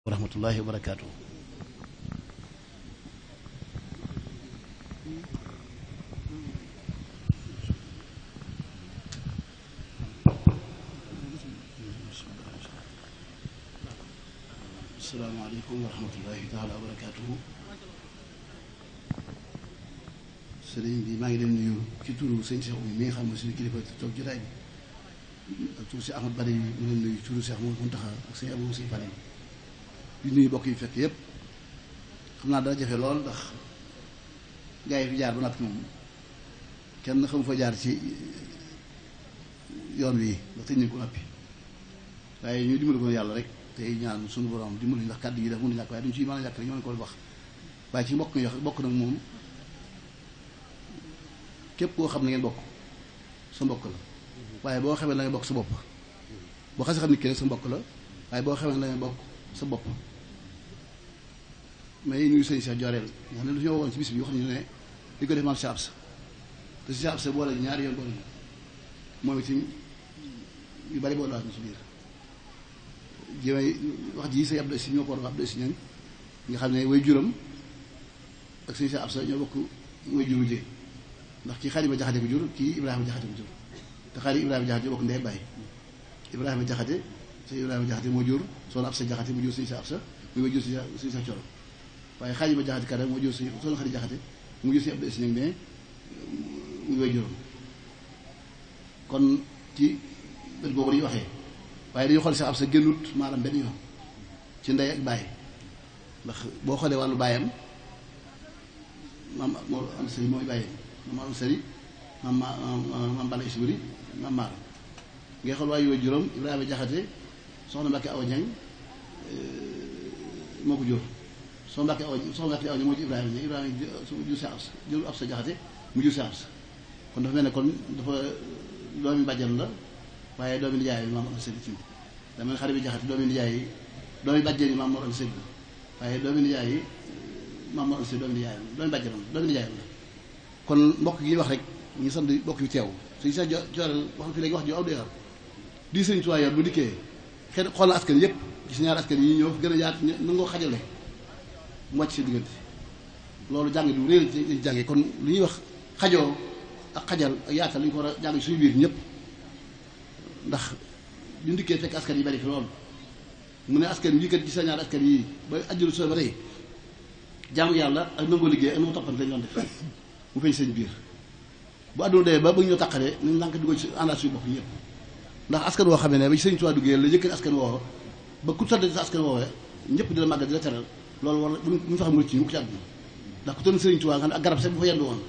wa rahmatullahi wa barakaatu. asalaamaaleykum wa rahmatullahi maa ngi leen nuyu ci turu sëñ Cheikh mi nga xam ne suñu kilifa si Ahmad Bari mi ngi leen nuyu turu Cheikh moom Mountakha ak sëñ Abou Sëñ di nuyu bokk yi fekk yépp xam naa dana jafe lool ndax gaa yi fi jaar ba noppi moom kenn xamu fa jaar ci yoon wii ndax tëj nañ ko noppi waaye ñu dimbali ko yàlla rek tey ñaan suñu borom dimbali ndax kàddu yi dafa mën a ñàkk waaye duñ ci mën a ñàkk rek ñoo ko wax waaye ci mbokk yi bokk nag moom képp koo xam ne ngeen bokk sa mbokk la waaye boo xamee na bokk sa bopp boo xasee xam ne kii sa mbokk la waaye boo xamee na bokk sa bopp may nuyu sëñ Cheikh Joreel nga xam ne dañoo woon ci bis bi wax nañu ne di ko def maam Cheikh Absa te Cheikh Absa boole ñaari yoon boole moom bari boole waat ci biir jëmee wax ji sëñ Abdou Si xam ne way juram ak sëñ Cheikh Absa ñoo bokk way juru jee ndax kii Xaarima Jaxate ko jur kii Ibrahima Jaxate ko jur te xaari Ibrahima Jaxate bokk ndey bàyyi Ibrahima Jaxate sëñ Jaxate moo jur soxna Absa Jaxate mu jur sëñ Cheikh Absa muy Coro waaye xaaj ma jaxati kara moo jur suñu soxna xadi jaxate mu jur suñu abdu isneg ne muy way juróom ci bët boobu waaye dañu xool sax ab sa génnut maanaam benn yoon ci ndey ak bàyyi ndax boo xoolee wàllu bàyyam maam moo am sëri mooy bàyyi maam am sëri maam maam bala isbiri maam maara ngay xool waaye yooyu juróom Ibrahima Jaxate soxna Mbàkke aw Ñaŋ eh, moo ko jur soxna Mbàkke aw soxna Mbàkke aw moo ci Ibrahima ne Ibrahima jur si Absa jur Absa jaxate mu jur si Absa kon dafa mel ne kon dafa doomi bàjjan la waaye doomi nijaay bi maam am sëriñ ci dama xarit bi jaxate doomi nijaay yi doomi bàjjan yi maam mor am sëriñ waaye doomi nijaay yi maam mor am sëriñ doomi nijaay doomi bàjjan doomi nijaay la kon mbokk yi wax rek ñu sant mbokk yu teew suñu sa jooreel wax fi léegi wax ju aw doyar di sëriñ tuwaay yoon bu dikkee xëy xoolal askan yëpp gis ñaar askan yi ñoo gën a yaat nangoo xajale mu wàcc seen diggante loolu jàng lu réer lañ kon lu ñuy wax xajoo ak xajal ak yaatal li ñu ko war a jàng suñu biir ñëpp ndax ñu ndikkee fekk askan yi bari fi loolu mu ne askan wii kat gis naa ñaar askan ba ajjulu soo ba tey ak nangoo liggéey ak nu mu toppante lañ seen biir bu àdduna dee ba ñu ñoo taqalee nañ lànk dugg ci àndaat suñu bopp ñëpp ndax askan woo xam ne ba Sëriñ Tuubaa duggee la yëkkati askan woowa ba ku tëdd sa woowee ñëpp di la màggal di teral loolu war na bu ñu fexe mu rëcc ñu ko ci àdduna ndax ku doon sëriñ Tuubaa nga xam ne ak garab sax bu fa yendu woon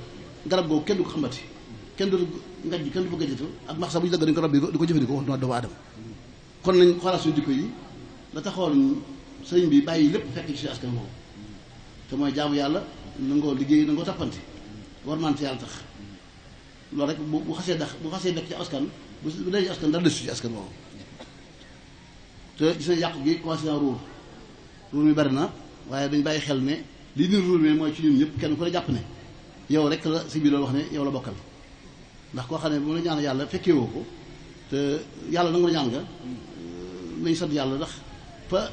garab googu kenn du ko xamati kenn du ngaj ji kenn du ko gëjëtu ak bu ñu dagg dañ ko rabbi di ko jëfandikoo wax duma doomu aadama kon nañ xoolaat suñu jikko yi la taxoon sëriñ bi bàyyi lépp fekk ci askan boobu te mooy jaamu yàlla nangoo liggéey nangoo tappante war maante yàlla loolu rek bu xasee dax bu xasee nekk ci askan bu dee ci askan dara desu ci askan boobu te yàqu gi commencé na ruur ruur mi bari na waaye duñ bàyyi xel ne li ñu ruur ne mooy ci ñun ñëpp kenn ku ne jàpp ne yow rek la si biir loolu wax ne yow la bokkal ndax koo xam ne bu la ñaan yàlla fekkee woo ko te yàlla nangu la ñaan nga euh, nañ sant yàlla ndax fa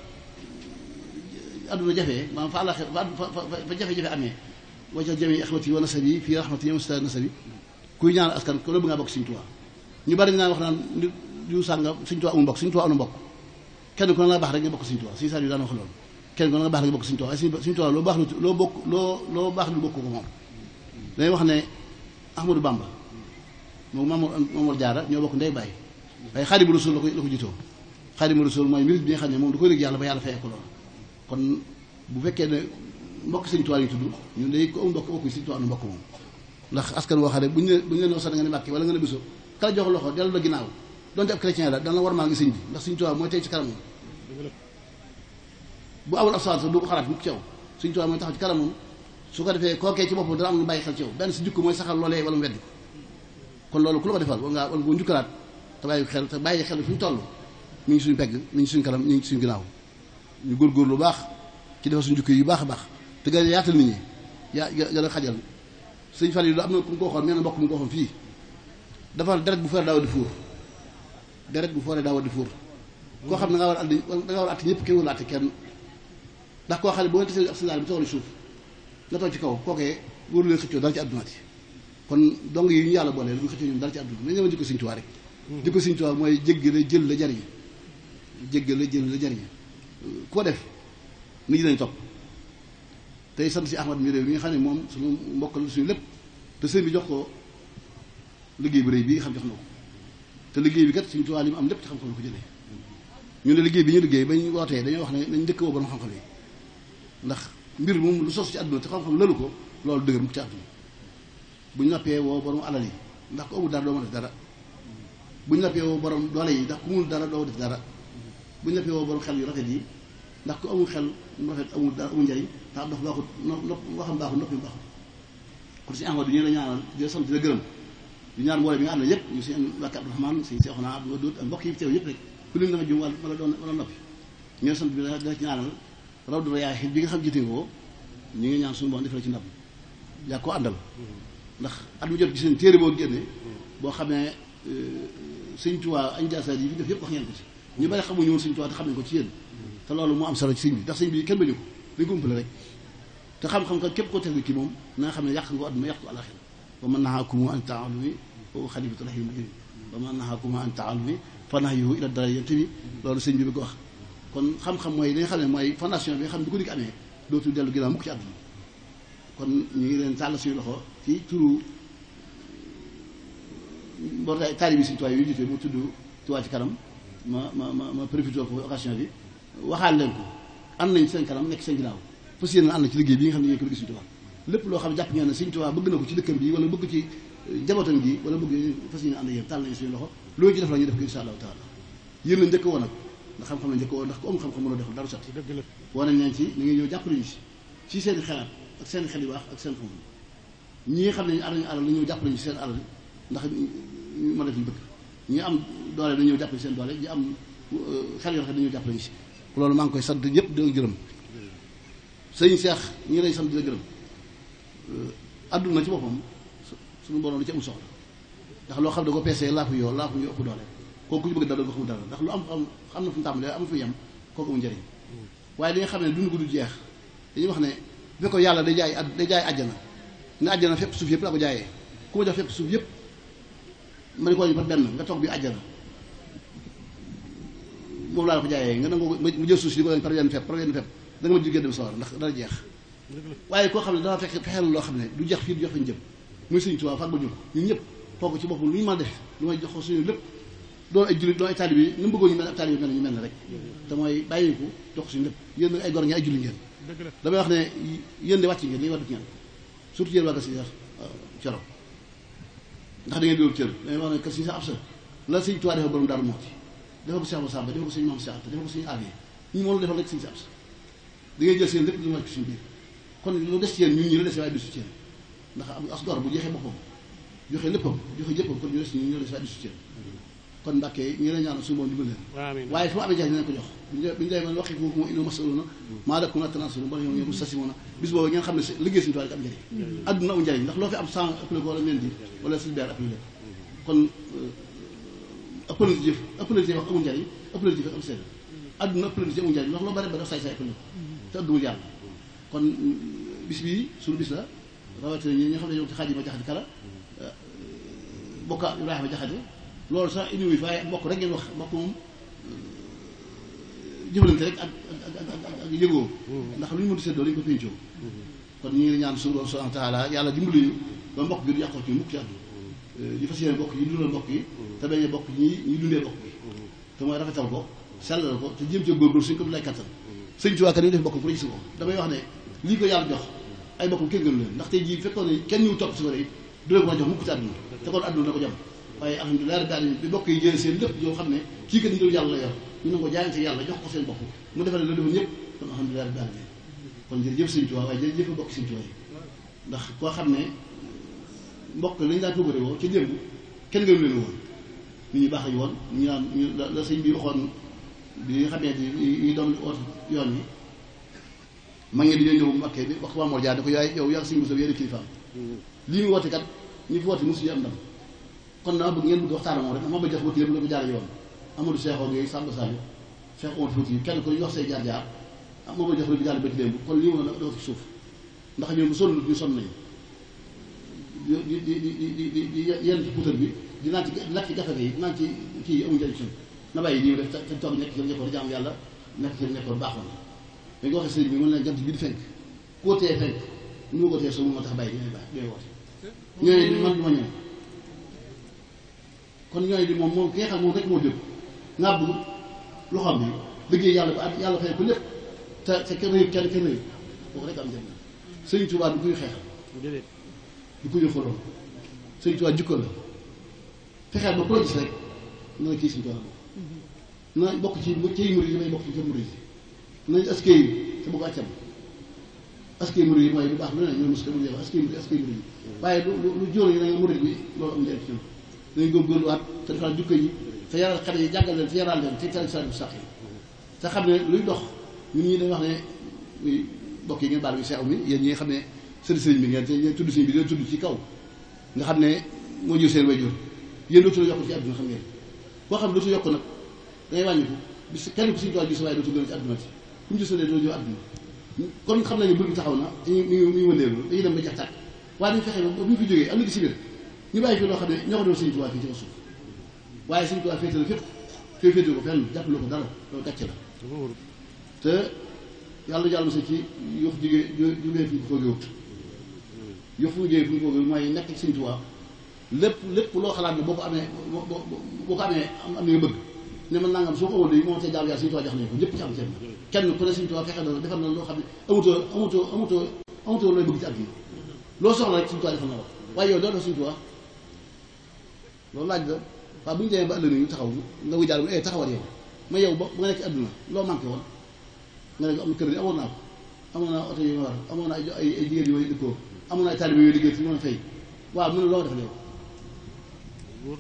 àdduna jafee maanaam fa àlla fa jafe-jafe amee wajal jami axmati wa nasabi fii rahmati yamsta nasabi kuy ñaan askan ku la bëgg ngaa bokk Sëriñ Tuubaa ñu bari naan wax naan nit yu sànga Sëriñ Tuubaa amul mbokk Sëriñ Tuubaa amul mbokk kenn ku ne la baax rek nga bokk Sëriñ Tuubaa Sëriñ Saliou daan wax loolu kenn ko baax bokk suñu Tuubaa waaye loo baax loo loo bokk ko moom dañuy wax ne Ahmadou Bamba moom Mamour Mamour Diarra ñoo bokk ndey bàyyi waaye Xaadimu Rasuul la ko la ko jiitoo Xaadimu Rasuul mooy mérite bi nga xam moom da koy liggéey yàlla ba yàlla fayee ko kon bu fekkee ne mbokk suñu Tuubaa yi tudd ñu day ko am mbokk bokk suñu Tuubaa nu mbokk moom ndax askan woo xam ne bu ñu bu ñu leen sax da nga ne Mbàkke wala nga ne Buso kala jox loxo dellu la ginnaaw donte ab chrétien la dana war maa ngi sëñ bi ndax suñu Tuubaa mooy tey ci kanam bu amul ab saal sax du ko xalaat mukk ci yow suñu taxaw ci kanamam su ko defee kookee ci boppam dana am lu bàyyi xel ci yow benn si jukk mooy saxal loolee wala mu weddi kon loolu ku la ko defal war ngaa war nga njukkalaat te bàyyi bàyyi xel fi ñu toll mi ngi suñu pegg mi ngi suñu kanam mi ngi suñu ginnaaw ñu góorgóorlu baax ci defal suñu jukki yi baax a baax te gën a yaatal nit ñi yaa gën a xajal sëñ Fall yi lu am na ku mu ko waxoon nee na mbokk mu ko waxoon fii dafa deret bu foore daawa di fuur deret bu foore daawa di fuur koo xam ne da nga war a ànd da war a àtte ñëpp kenn kenn ndax koo xam boo gisee ab sandaal bi soxla suuf nga toog ci kaw kookee wóoru leen xëccoo dara ci àdduna kon dong yi ñu yàlla boole lu xëccoo ñun dara ci àdduna nañ ñëwoon jikko Sëriñ Tuubaa rek jikko hmm. Sëriñ Tuubaa mooy jéggale jël la jariñ jéggale jël la jariñ koo def nit ñi lañ topp tey sant si Ahmad mi réew mi nga xam ne moom suñu mbokk la suñu lépp te sëñ bi jox ko liggéey bu rëy bi xam jox na ko te liggéey bi kat Sëriñ Tuubaa li mu am lépp ci xam-xam la ko jëlee ñu ne liggéey bi ñu liggéey bañ wootee dañoo wax ne nañ dëkk woo borom xam-xam yi ndax mbir moom lu sos ci àdduna te xam-xam lalu ko loolu dëgër mukk ci àdduna bu ñu nappee woo borom alal yi ndax ku amul dara doo mën def dara bu ñu nappee woo borom doole yi ndax ku mënul dara doo def dara bu ñu woo borom xel yu rafet yi ndax ku amul xel mu rafet amul dara amul njariñ ndax dox baaxut nopp waxam baaxut noppi baaxut kon si envoi du ñu la ñaanal di la sant di la gërëm di ñaan mboolem bi nga ànd na yëpp ñu si wàkk Abdourahmane si Seexuna Abdou Wadoud ak mbokk yi teew yëpp rek ku lim dama jum wala doon wala noppi la raw dina yaay xit bi nga xam jite woo ñu ngi ñaan suñu borom defal ci ndam yaa ko àndal ndax at mu jot gis nañ téere boo génne boo xam ne euh, sëñ Tuubaa añ jaasa yi fi def yëpp wax ko ñu bari xamuñu woon sëñ Tuubaa te xam nañ ko ci yéen te loolu moo am solo ci sëñ bi bi kenn bañu ko dañ ko umpale te xam-xam ka képp ko teg ci moom na xam ne yàq nga àdduna yàq ko alaxira wa man nahaakum an ta'allumi wa xalifatu rahim wa man nahaakum an ta'allumi fa nahayuhu ila dara yéen tamit loolu sëñ bi bi ko wax kon xam-xam mooy li nga xam ne mooy fondation bi nga xam ne bu ko nit amee dootul dellu ginnaaw mukk ci àdduna kon ñu ngi leen tàll suñu loxo ci turu mbootaay taalibe Sëriñ Tuubaa yu jiite mu tudd Tuubaa ci kanam ma ma ma ma profité ko occasion bi waxaal leen ko ànd nañ seen kanam nekk seen ginnaaw fas yéene ànd xam ne ñooy ko loo xam ne jàpp ngeen ne Sëriñ ci dëkkam bi wala bëgg ci eh, jabootam gi wala bëgg fas yéene ànd yéen tàll nañ suñu loxo loolu ci def la ñu def ko insha allahu taala yéen la njëkk woon nag ndax xam-xam la njëkk woo ndax ku amul xam-xam mënoo defal dara sax wane nañ ci ñu ngi ñëw jàppale ñu si ci seen xalaat ak seen xel yu baax ak seen xam-xam ñi nga xam ne am nañu alal dañu ñëw ñu si seen alal ndax ñu mën a def ñu am doole dañu ñëw jàppale seen doole ñi am euh, xel yoo xam ne dañu jàppale ñu si loolu maa ngi koy sant ñëpp di gërëm sëñ Seex ñi ngi lay sant di la gërëm adduna euh, ci boppam suñu borom lu ci am soxla ndax loo xam ne ko peesee laafu yoo laafu yoo ëpp doole kooku ñu bëgg dara waxul dara ndax lu am am am na fu mu tàmbalee am fu yem kooku mu njëriñ waaye li nga xam ne dund gu du jeex dañuy wax ne bu ko yàlla day jaay at day jaay àjjana ne àjjana fépp suuf yëpp la ko jaayee ku ma jox fépp suuf yëpp ma ne ko ñu par benn nga toog bi àjjana moom laa la mu jël si di ko par benn fépp par benn da nga ma jigéen jeex waaye koo xam ne dafa fekk fexeel loo xam ne du jeex fii du jox fañ jëm muy sëñ tubaab fàggu ñu ñun ñëpp kooku ci boppam lu ñu mën a def lu may jox suñu lépp doon ay jullit doon ay taalibe yi bëggoon ñu mel taalibe mel ñu ne rek te mooy bàyyiku tox suñu lépp yéen ay gor ngeen ay jullit ngeen damay wax ne yéen de wàcc ngeen li war dut ngeen surtout yéen waa kër si coro euh, ndax da ngeen bióbu cër dañuy wax ne kër si sa absa la sëñ tuwaa dafa borom daaru mooti dafa ko sëñ ma sàmba dafa ko sëñ maam seexat dafa ko sëñ avié ñu moom la defal rek sëñ sa absa da ngay jël seen lépp lu wàcc suñu biir kon lu des ci yéen ñun ñi la desee waaye disu ci yéen ndax as gor bu jeexee boppam joxe joxe jëppam kon ñu des ñu ñu la desee waaye kon Mbàkke ñu la ñaanal suñu borom dimbali waaye fu mu amee jaay dinañ ko jox bu ñu demee waxi ko moo ino masaluna maa lakum laa tanaasaluuna bal hum yastasimuuna bis boobu ngeen xam ne liggéey suñu tubaab am njëriñ adduna amu njëriñ ndax loo fi am sans ëppale ko wala mel di wala suñu beer appli kon euh, ëppale di jëf ëppale di wax am seen adduna ëppale di jëf amul njëriñ ndax loo bari bari saay saay ëppale te addumul yàlla kon bis bii suñu bis la rawatina ñi nga xam ne ñoo ci xaaj yi ma jaxati kala euh, bokka Ibrahima jaxate loolu sax indiwu fi waaye mbokk rek ngeen wax mbokk moom euh, jëfalante rek ak ak ak yëgoo mm-hmm. ndax lu ñu mënut a séddoo dañu ko péncoo mm-hmm. kon ñu ngi ñaan suñu borom subhanahu wa yàlla dimbali ñu ba mbokk gi du yàqoo ci mukk mm-hmm. euh, yi dundal mbokk yi te bañ a bokk ñi ñi dundee bokk bi te mooy rafetal ko sellal ko te jéem ca góorgóor suñ ko du kattan sëñ ci waa kat bokk def mbokk bu gis ko damay wax ne lii ko yàlla jox ay mbokk kër gënu leen ndax tey jii fekkoon ne kenn ñu topp si ko rek du leen ko jox ko jam waaye alhamdulilah rabbil alamin bi bokk yi jëlee seen lépp yoo xam ne kii kat ndigal yàlla la ñu ne ko jaayante ci yàlla jox ko seen bopp mu defal la defoon ñëpp kon alhamdulilah rabbil alamin kon jël sëñ Tuubaa waaye jërëjëf yi ndax koo xam ne mbokk lañ daan bëgg woo ci démb kenn gënu leen woon ni ñu woon ñu naan ñu la sëñ bi waxoon bi nga xamee yi doon oote yoon yi ma ngi dañoo ñëw bi wax waa Mor Dia ko yaay yow yaa sëñ Moussa yéen kilifaam mm-hmm. lii mu woote kat ñu fi woote mosu ñu am ndam kon naa bëgg ngeen bëgg waxtaan moom rek moom ba jox wut yëpp la ko jaar yoon Amadou Cheikh Ogué Samba Sadio Cheikh Omar Fouti kenn ko wax say jaar-jaar ah ba jox rek jaar bëgg démb suuf ndax ñu sonn nañu di di di di di yenn ci bi di naan ci lakk ci gafete yi naan ci na bàyyi nii def te toog nekk seen nekkoon jaam yàlla nekk seen nekkoon baaxoon na dañ ko waxee sëriñ bi mën leen jant bi fenk koo tee fenk ñu ma ko tee so mu ma tax bàyyi ñooy bàyyi ñooy woote ñooy man du ma ñëw kon ñooy di moom moom ki nga xam moom rek moo jóg ngàbbu lu xam ni liggéey yàlla ba at yàlla fay ko lépp te te kenn rëy kenn kenn rëy kooku rek am njëriñ sëñ Tuubaa du koy xeexal du ko yëfaloon sëñ Tuubaa jikko la fexeel ba koo gis rek na kii sëñ Tuubaa na bokk ci ciy murid yi may bokk ci ca murid yi nañ askay yi te bu ko accam askay murid yi mooy lu baax lu ne ñoom mos ko mu yàlla askay murid askay murid yi mm. waaye lu lu jóor yi na murid bi loolu am njëriñ ci ñoom dañuy góorgóorluwaat te defal jukka yi te yaral xale yi jàngal leen te yaral leen te tari saabu sax yi te xam ne luy dox ñun ñi dañ wax ne bokk yi ngeen baal bi seew mi yéen ñi xam ne sëriñ sëriñ bi ngeen te ñeen tudd bi dina tudd ci kaw nga xam ne moo jur seen wayjur yéen dootu la yokk ci àdduna xam ngeen koo xam ne dootu yokk nag dangay wàññiku bis kenn ku siñ dool gis waaye ci àdduna ci ku ñu gisalee doo ñëw àdduna kon xam taxaw na ñu ñu wëndeelu dañuy dem ba jax tàkk waaye dañu fexe ba bu ñu fi jógee am na ci biir ñu bàyyi fi loo xam ne ñoo ko doon Sëriñ Tuubaa fii ci kaw suuf waaye Sëriñ Tuubaa féete la fépp fii féete ko fenn jàppale ko dara te yàlla jàll sa ci yox jigéen jugee bu ko gëwut yox fu jugee bu ko nekk Sëriñ Tuubaa lépp lépp loo xalaat ne boo ko amee boo ko am li ne man nangam soo ko amoon léegi moom sa jaamu yàlla Sëriñ Tuubaa jox nañu ko ñëpp ci am na defal na loo xam ne amutoo amutoo amutoo amutoo looy bëgg ci ak yi loo soxla rek Sëriñ Tuubaa defal na la waaye yow doo def Sëriñ loolu laaj la waaw bu ñu demee ba àdduna ñu taxaw nga ko jàll bu ne taxawal yow ma yow ba ba nga nekk àdduna loo manqué woon nga ne ko am kër yi amoon naa ko amoon naa oto yu ma war amoon naa ay ay jigéen yu may dëkkoo amoon naa ay taalibe yooyu liggéey si mën a fay waaw mu ne loo defal yow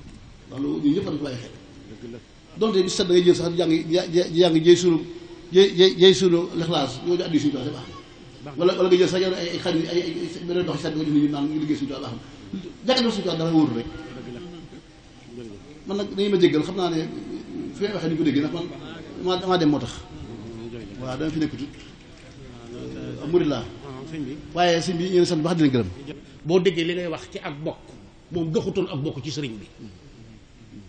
loolu ñun ñëpp dañ ko bàyyi xel donte bi set da ngay jël sax di jàng di jàng jëy sunu jëy jëy sunu lixlaas ñoo di addi suñu tool baax na wala wala nga jël sax yow ay ay xarit ay beneen dox set bi nga def ni ñu naan liggéey suñu tool baax na jàkk def suñu tool dara wóoru rek man nag dañu ma jéggal xam naa ne fi may waxee ni ko déggee ndax man maa dem moo tax waaw dama fi nekk tut euh, murid laa ah, waaye sëñ bi ñeen sant baax dina gërëm boo déggee li ngay wax ci ak bokk moom doxutoon ak bokk ci sëriñ bi mm-hmm.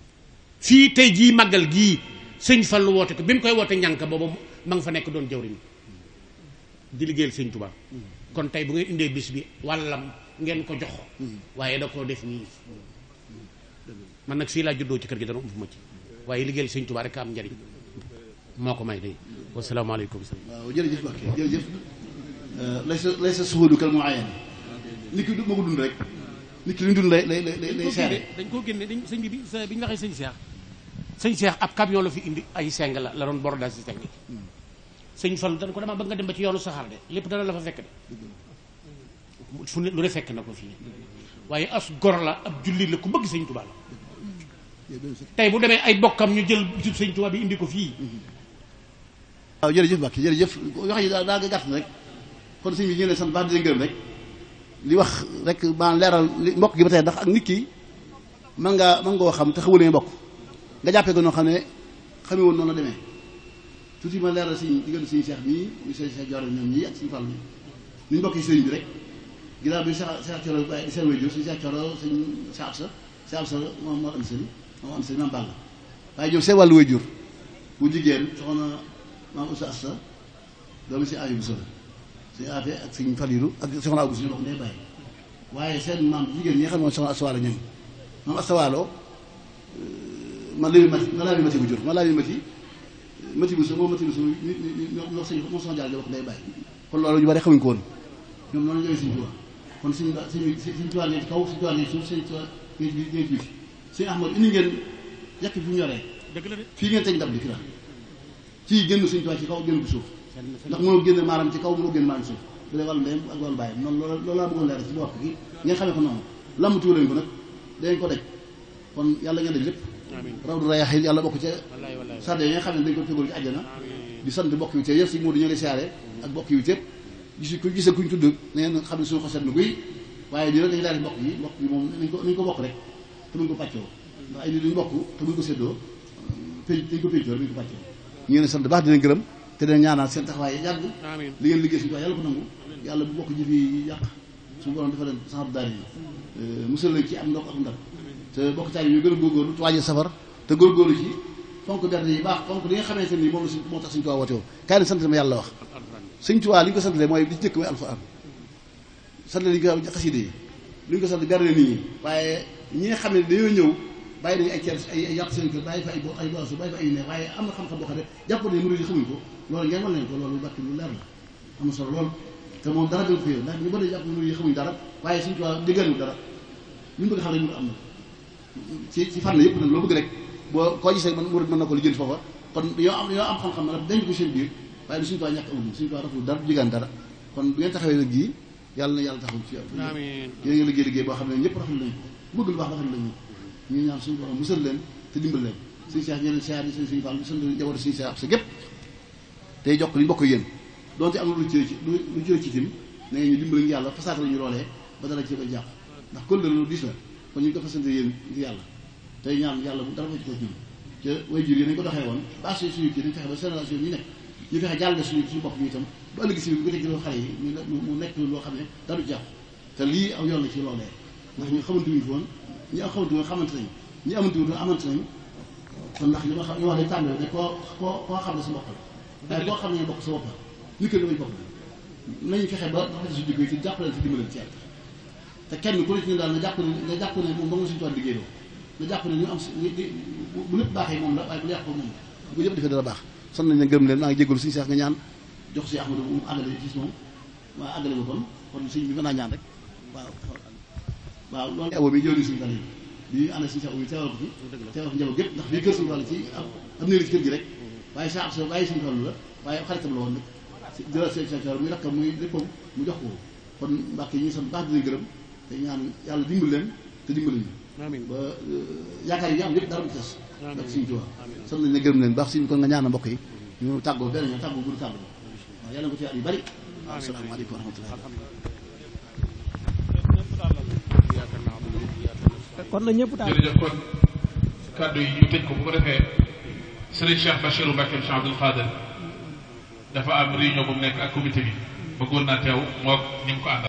fii tey jii màggal gii sëñ Fallu woote ko bi mu koy woote ñànk booba ma nga fa nekk doon jawriñ di liggéeyal sëñ Tuubaa mm-hmm. kon tey bu ngay indee bis bi wàllam ngeen ko jox mm-hmm. waaye da koo def nii man nag fii laa juddoo ci kër gi dara ump ma ci waaye liggéeyal sëñ Tuubaa rek am njariñ moo ko may day wasalaamaaleykum waaw jërëjëf Mbacke jërëjëf euh, lay sa lay sa suhóodu kal muayyan nit ki moo ko dund rek nit ki li ñu dund lay dañ koo génne dañ sëñ bi bi bi ñu waxee sëñ Cheikh sëñ Cheikh ab camion la fi indi ay seng la la doon bor daal si seng sëñ Fallu dana ko dama bëgg nga dem ba ci yoonu saxaar de lépp dana la fa fekk de fu ne lu ne fekk na ko fii waaye as gor la ab jullit la ku bëgg sëñ Tuubaa la tey bu demee ay bokkam ñu jël jub sëñ Tuubaa bi indi ko fii. waaw jërëjëf Mbacke jërëjëf wax yi daa daa gàtt na rek kon sëñ bi ñu ngi leen sant baax di rek li wax rek maa leeral li mbokk gi ba tey ndax ak nit ki mën ngaa mën ngoo xam te xamu leen mbokk nga jàppee ko noo xam ne xamee woon noonu la demee tuuti ma leeral sëñ diggante sëñ Cheikh mii muy sëñ Cheikh Dior ñoom ñii ak sëñ yi sëñ bi rek ginnaaw bi Cheikh Cheikh Thioro seen wajur sëñ Cheikh Thioro moo am sëñ moom am sëñ Maam Balla waaye ñoom seen wàllu way jur bu jigéen soxna maam Ousseynou Asta man léegi mati ma laa bi mati bu jur ma laa bi mati mati bu so moom mati bu so wax ndey bàyyi kon loolu ñu bari xamuñ ko woon ñoom noonu ñooy suñu tubaab kon suñu suñu suñu tubaab ne kaw suñu tubaab ne suuf suñu tubaab ne ci biir sëñ Ahmad indi ngeen yàq bi fu mu yoree fii ngeen teg dab di kira fii génn suñ tuwaay ci kaw génn bu suuf ndax mënoo génn maaram ci kaw mënoo génn maaram suuf bu dee gi ngeen xamee ko noonu lamb tuuleen ko nag dañ ko daj kon yàlla ngeen daj lépp raw du rayaxin yàlla bokk ca sarde yi nga xam ne dañ ko fégool ci àjjana di sant bokk yu tee yëpp si moo di ñoo lay siyaare ak bokk yu tëpp gis ku gise kuñ tudd na xam ne suñu xoset na guy di rek dañu laaj bokk yi bokk yi moom ko nañ ko bokk rek te mën ko pàccoo ndax ay nit ñu bokk te mën ko séddoo pé dañ ko péjoo rek mën ko pàccoo ñu ngi leen sant baax dina gërëm te dina ñaanal seen taxawaay ya yàgg li ngeen liggéey suñu ko yàlla ko nangu yàlla bu bokk jëfi yàq suñu borom dafa leen saxaru daari yi euh, musal lañ ci am ndox ak ndab te bokk taal yu gën a góorgóorlu te wàññi safar te góorgóorlu ci fonk berde yi baax fonk li nga xamante ni moom la suñ moo tax suñu tuwaa woote woo kaay sant ma yàlla wax suñ tuwaa ko santalee mooy li jëkk mooy alxuraan sant li ñu ko xaside yi li ñu ñi nga xam ne dañoo ñëw bàyyi nañu ay ceeb ay yàpp seen kër bàyyi fa ay ay boisson bàyyi ay am na boo xam ne jàpp ne murid ko loolu ngeen wan ko loolu barki lu leer la am na moom dara gën ko yëw ndax jàpp ne murid yi xamuñ dara waaye suñu tubaab déggalu dara ñu bëgg xam rek ñu am ci ci fànn yëpp nag loo boo koo gisee man murid mën na ko lijjanti foofa kon yoo am yoo am xam-xam na denc ko seen biir waaye lu suñu tubaab ñàkk amul suñu tubaab rafetlu dara dara kon bu ngeen taxawee nag gii yàlla na yàlla taxaw ci yow yéen ngi liggéey liggéey boo xam ne ñëpp rafetlu nañ ku bëgg lu baax dafa la ñu ñuy ñaan suñu borom musal leen te dimbal leen suñu seex ñeneen seex yi suñu fall musal leen jabar suñu seex sa gépp tey jox li mbokk yéen doonte am lu ci lu jël ci tim na ngeen ñu yàlla fasaat ñu loolee ba dara ci ba jàpp ndax kon loolu diis yàlla tey ñaan yàlla bu dara fa ci ko jëm ko doxee woon ba suñu suñu kii nañ fexe ba nekk ñu fexe jàll suñu suñu bopp ñu itam bu ëllëg si bu ko teg ci xale yi mu nekk loo xam ne dalu jàpp te lii aw yoon la ci loolee ndax ñu xamantuñu woon ñu xamantu woon xamante nañ ñu amantuñu woon amante nañ kon ndax li ma xam li ma wax day tàmbale ne koo koo koo xam ne sa bopp la waaye koo xam ne bokk sa bopp la nit ki damañ bokk fexe ba si digg ci jàppale ci dimbale ci yàlla te kenn ku ne daal na jàpp ne jàpp ne moom ba nga suñu tuwaat liggéey jàpp ne ñu am bu lépp baaxee moom la waaye bu la yàqoo moom bu yëpp defee dara baax sant nañ ne gërëm leen maa ngi jégalu suñu seex ñaan jox si Ahmadou mu àggale gis moom waa àggale boppam kon si bi mën naa ñaan rek waaw loolu abo bi jëwriñ suñu wàll yi ñu ànd ak suñu sax bi teewal ko fi teewal ko njaboot gépp ndax lii kër suñu wàll ci am néeri ci kër gi rek waaye sa so waaye suñu wàll la waaye xaritam la woon nag jëlaat seen sacoor mu jox ko kon mbàkke yi ñu sant baax gërëm te ñaan yàlla dimbal leen te dimbal ñu ba euh, yaakaar yi ñu am yëpp dara du tas ndax suñu tuwaa sant nañ ne gërëm leen baax suñu kon nga ñaan mbokk yi ñu tàggoo benn ñoom tàggoo gudu tàggoo waaw yàlla ko ci at yu bari asalaamaaleykum wa rahmatullah kon na ñëpp taal jërëjëf kon kàddu yi ñu tëj ko bu ko defee sëriñ Cheikh Bachirou Mbacke Cheikh Abdoul Khader dafa am réunion bu mu nekk ak comité bi bëggoon naa teew moo ñi mu ko àndal